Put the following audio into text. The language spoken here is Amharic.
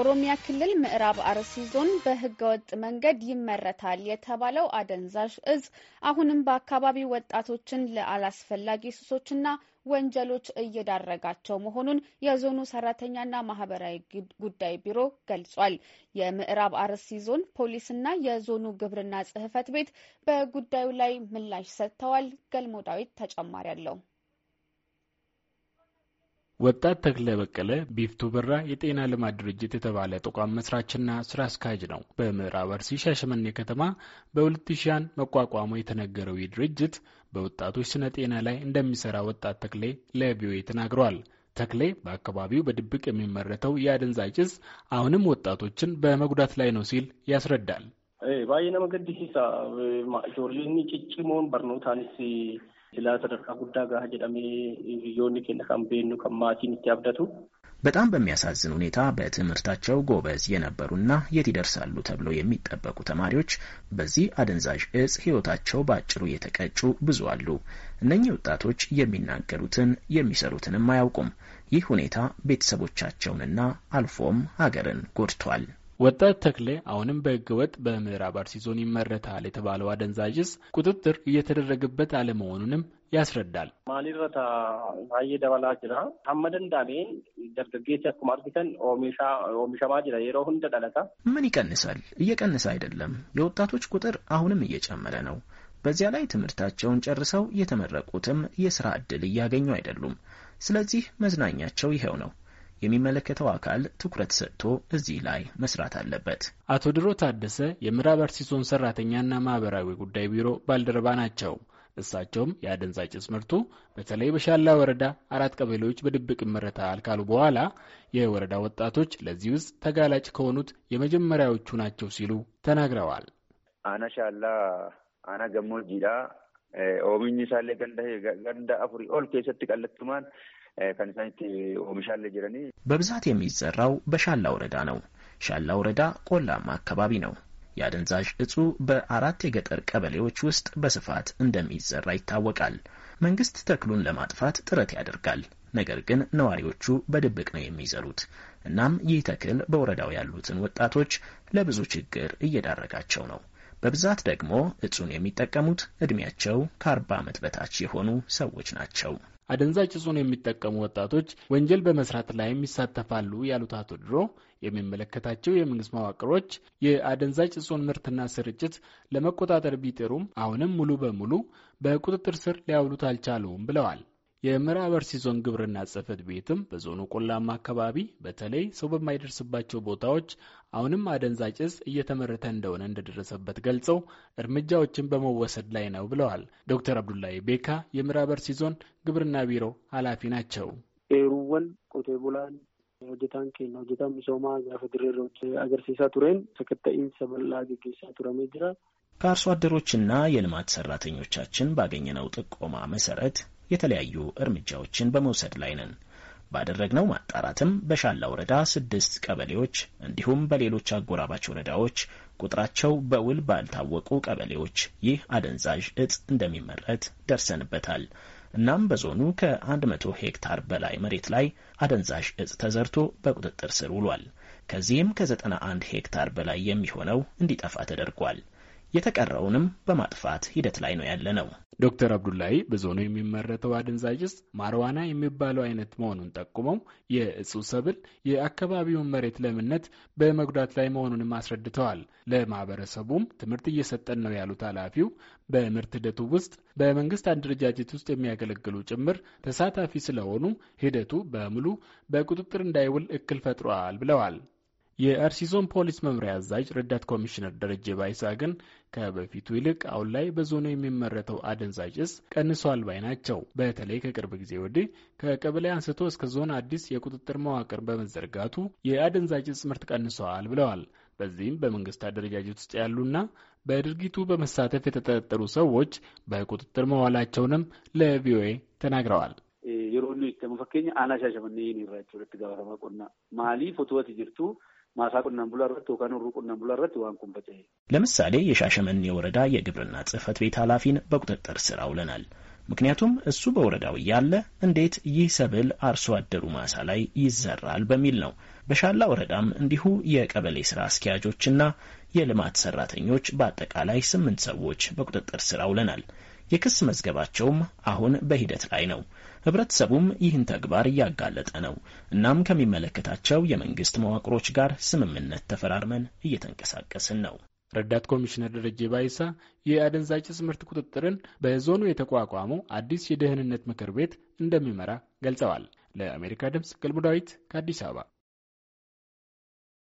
ኦሮሚያ ክልል ምዕራብ አርሲ ዞን በህገወጥ መንገድ ይመረታል የተባለው አደንዛዥ እጽ አሁንም በአካባቢው ወጣቶችን ለአላስፈላጊ ሱሶችና ወንጀሎች እየዳረጋቸው መሆኑን የዞኑ ሰራተኛና ማህበራዊ ጉዳይ ቢሮ ገልጿል። የምዕራብ አርሲ ዞን ፖሊስና የዞኑ ግብርና ጽህፈት ቤት በጉዳዩ ላይ ምላሽ ሰጥተዋል። ገልሞ ዳዊት ተጨማሪ አለው። ወጣት ተክለ በቀለ ቢፍቱ በራ የጤና ልማት ድርጅት የተባለ ተቋም መስራችና ስራ አስኪያጅ ነው። በምዕራብ አርሲ ሻሸመኔ ከተማ በ2000 መቋቋሙ የተነገረው ይህ ድርጅት በወጣቶች ስነ ጤና ላይ እንደሚሰራ ወጣት ተክሌ ለቪኦኤ ተናግረዋል። ተክሌ በአካባቢው በድብቅ የሚመረተው የአደንዛዥ እጽ አሁንም ወጣቶችን በመጉዳት ላይ ነው ሲል ያስረዳል። ባየነ መገድ ሂሳ ጆርሊኒ ጭጭሞን በርኖታንስ ስለ sadarkaa ጉዳ ጋ ጀዳሜ ዮኒ keenya kan beennu kan በጣም በሚያሳዝን ሁኔታ በትምህርታቸው ጎበዝ የነበሩና የት ይደርሳሉ ተብለው የሚጠበቁ ተማሪዎች በዚህ አደንዛዥ እጽ ህይወታቸው በአጭሩ የተቀጩ ብዙ አሉ። እነኚህ ወጣቶች የሚናገሩትን የሚሰሩትንም አያውቁም። ይህ ሁኔታ ቤተሰቦቻቸውንና አልፎም ሀገርን ጎድቷል። ወጣት ተክሌ አሁንም በህገወጥ በምዕራብ አርሲ ዞን ይመረታል የተባለው አደንዛዥ ዕፅ ቁጥጥር እየተደረገበት አለመሆኑንም ያስረዳል። ማሊረታ ባየ ደበላ ጅራ ሀመደንዳሜን ደርገጌች አኩማ አርጊተን ኦሚሻማ ጅራ የሮ ሁንደ ደለታ ምን ይቀንሳል? እየቀነሰ አይደለም። የወጣቶች ቁጥር አሁንም እየጨመረ ነው። በዚያ ላይ ትምህርታቸውን ጨርሰው የተመረቁትም የስራ እድል እያገኙ አይደሉም። ስለዚህ መዝናኛቸው ይኸው ነው። የሚመለከተው አካል ትኩረት ሰጥቶ እዚህ ላይ መስራት አለበት። አቶ ድሮ ታደሰ የምዕራብ አርሲ ዞን ሰራተኛና ማህበራዊ ጉዳይ ቢሮ ባልደረባ ናቸው። እሳቸውም የአደንዛዥ እጽ ምርቱ በተለይ በሻላ ወረዳ አራት ቀበሌዎች በድብቅ ይመረታል ካሉ በኋላ የወረዳ ወጣቶች ለዚህ ውስጥ ተጋላጭ ከሆኑት የመጀመሪያዎቹ ናቸው ሲሉ ተናግረዋል። አና ሻላ አና ገሞጂዳ ኦሚኝ ሳሌ ገንዳ ገንዳ አፍሪ ኦል ኬሰት ቀለትማን isaan itti ኦሚሻለ jiranii. በብዛት የሚዘራው በሻላ ወረዳ ነው። ሻላ ወረዳ ቆላማ አካባቢ ነው። የአደንዛዥ እጹ በአራት የገጠር ቀበሌዎች ውስጥ በስፋት እንደሚዘራ ይታወቃል። መንግስት ተክሉን ለማጥፋት ጥረት ያደርጋል። ነገር ግን ነዋሪዎቹ በድብቅ ነው የሚዘሩት። እናም ይህ ተክል በወረዳው ያሉትን ወጣቶች ለብዙ ችግር እየዳረጋቸው ነው። በብዛት ደግሞ እጹን የሚጠቀሙት እድሜያቸው ከአርባ ዓመት በታች የሆኑ ሰዎች ናቸው። አደንዛጭ እጽን የሚጠቀሙ ወጣቶች ወንጀል በመስራት ላይም ይሳተፋሉ ያሉት አቶ ድሮ የሚመለከታቸው የመንግስት መዋቅሮች የአደንዛጭ እጽን ምርትና ስርጭት ለመቆጣጠር ቢጥሩም አሁንም ሙሉ በሙሉ በቁጥጥር ስር ሊያውሉት አልቻሉም ብለዋል። የምዕራብ አርሲ ዞን ግብርና ጽሕፈት ቤትም በዞኑ ቆላማ አካባቢ በተለይ ሰው በማይደርስባቸው ቦታዎች አሁንም አደንዛዥ እጽ እየተመረተ እንደሆነ እንደደረሰበት ገልጸው እርምጃዎችን በመወሰድ ላይ ነው ብለዋል። ዶክተር አብዱላይ ቤካ የምዕራብ አርሲ ዞን ግብርና ቢሮ ኃላፊ ናቸው። ሩወን ቆቴ ቡላን ሆጀታን ኬና ሆጀታ ሚሶማ ጋፈ ድሬሮች አገርሲሳ ቱሬን ሰከተኢን ሰበላ ጌጌሳ ቱረሜ ጅራ ከአርሶ አደሮችና የልማት ሰራተኞቻችን ባገኘነው ጥቆማ መሰረት የተለያዩ እርምጃዎችን በመውሰድ ላይ ነን። ባደረግነው ማጣራትም በሻላ ወረዳ ስድስት ቀበሌዎች እንዲሁም በሌሎች አጎራባች ወረዳዎች ቁጥራቸው በውል ባልታወቁ ቀበሌዎች ይህ አደንዛዥ እጽ እንደሚመረት ደርሰንበታል። እናም በዞኑ ከ100 ሄክታር በላይ መሬት ላይ አደንዛዥ እጽ ተዘርቶ በቁጥጥር ስር ውሏል። ከዚህም ከ91 ሄክታር በላይ የሚሆነው እንዲጠፋ ተደርጓል። የተቀረውንም በማጥፋት ሂደት ላይ ነው ያለ ነው። ዶክተር አብዱላሂ በዞኑ የሚመረተው አደንዛዥ እጽ ማርዋና የሚባለው አይነት መሆኑን ጠቁመው የእጹ ሰብል የአካባቢውን መሬት ለምነት በመጉዳት ላይ መሆኑንም አስረድተዋል። ለማህበረሰቡም ትምህርት እየሰጠን ነው ያሉት ኃላፊው በምርት ሂደቱ ውስጥ በመንግስት አደረጃጀት ውስጥ የሚያገለግሉ ጭምር ተሳታፊ ስለሆኑ ሂደቱ በሙሉ በቁጥጥር እንዳይውል እክል ፈጥሯል ብለዋል። የአርሲ ዞን ፖሊስ መምሪያ አዛዥ ረዳት ኮሚሽነር ደረጀ ባይሳ ግን ከበፊቱ ይልቅ አሁን ላይ በዞኑ የሚመረተው አደንዛዥ እጽ ቀንሷል ባይ ናቸው። በተለይ ከቅርብ ጊዜ ወዲህ ከቀበሌ አንስቶ እስከ ዞን አዲስ የቁጥጥር መዋቅር በመዘርጋቱ የአደንዛዥ እጽ ምርት ቀንሷል ብለዋል። በዚህም በመንግስት አደረጃጀት ውስጥ ያሉና በድርጊቱ በመሳተፍ የተጠረጠሩ ሰዎች በቁጥጥር መዋላቸውንም ለቪኦኤ ተናግረዋል። የሮኒ ከመፈከኛ አናሻሸመነ ይህን ይራቸው ሁለት ጋባተማ ቆና ማሊፍ ወትወት ማሳ ቁናን ብሎ ረት ወካን ቁናን ረት ዋን ኩንበት ለምሳሌ የሻሸመኔ ወረዳ የግብርና ጽህፈት ቤት ኃላፊን በቁጥጥር ስር አውለናል። ምክንያቱም እሱ በወረዳው እያለ እንዴት ይህ ሰብል አርሶ አደሩ ማሳ ላይ ይዘራል በሚል ነው። በሻላ ወረዳም እንዲሁ የቀበሌ ስራ አስኪያጆችና የልማት ሰራተኞች በአጠቃላይ ስምንት ሰዎች በቁጥጥር ስር አውለናል። የክስ መዝገባቸውም አሁን በሂደት ላይ ነው። ህብረተሰቡም ይህን ተግባር እያጋለጠ ነው። እናም ከሚመለከታቸው የመንግስት መዋቅሮች ጋር ስምምነት ተፈራርመን እየተንቀሳቀስን ነው። ረዳት ኮሚሽነር ደረጀ ባይሳ የአደንዛዥ ዕፅ ምርት ቁጥጥርን በዞኑ የተቋቋመው አዲስ የደህንነት ምክር ቤት እንደሚመራ ገልጸዋል። ለአሜሪካ ድምፅ ገልሞ ዳዊት ከአዲስ አበባ